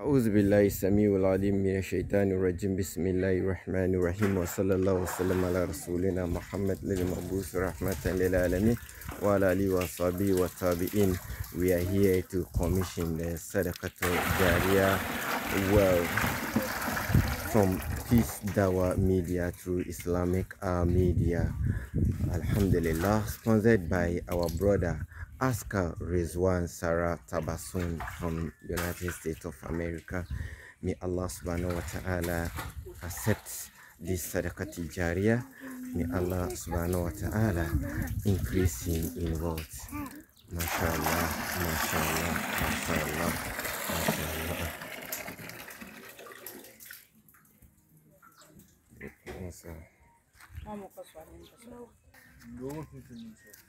أعوذ بالله السميع العليم من الشيطان الرجيم بسم الله الرحمن الرحيم وصلى الله وسلم على رسولنا محمد للمبعوث رحمة للعالمين وعلى آله وصحبه والتابعين We are here to commission the صدقة الجارية well from Peace Dawa Media through Islamic uh, Media Alhamdulillah sponsored by our brother Aska Rizwan Sarah Tabasun from United States of America. May Allah subhanahu wa ta'ala accept this sadaqah tijariyah. May Allah subhanahu wa ta'ala increase in wealth. MashaAllah, MashaAllah, MashaAllah, MashaAllah.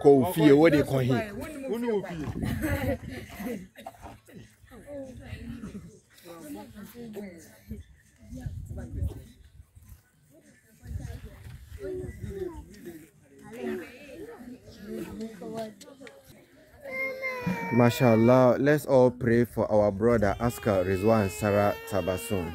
O Fiore corri. Kofi. Mashallah, let's all pray for our brother Askar Rizwan Sarah Tabasun.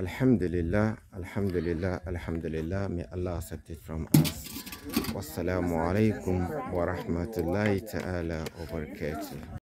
الحمد لله الحمد لله الحمد لله may Allah accept it from us والسلام عليكم ورحمة الله تعالى وبركاته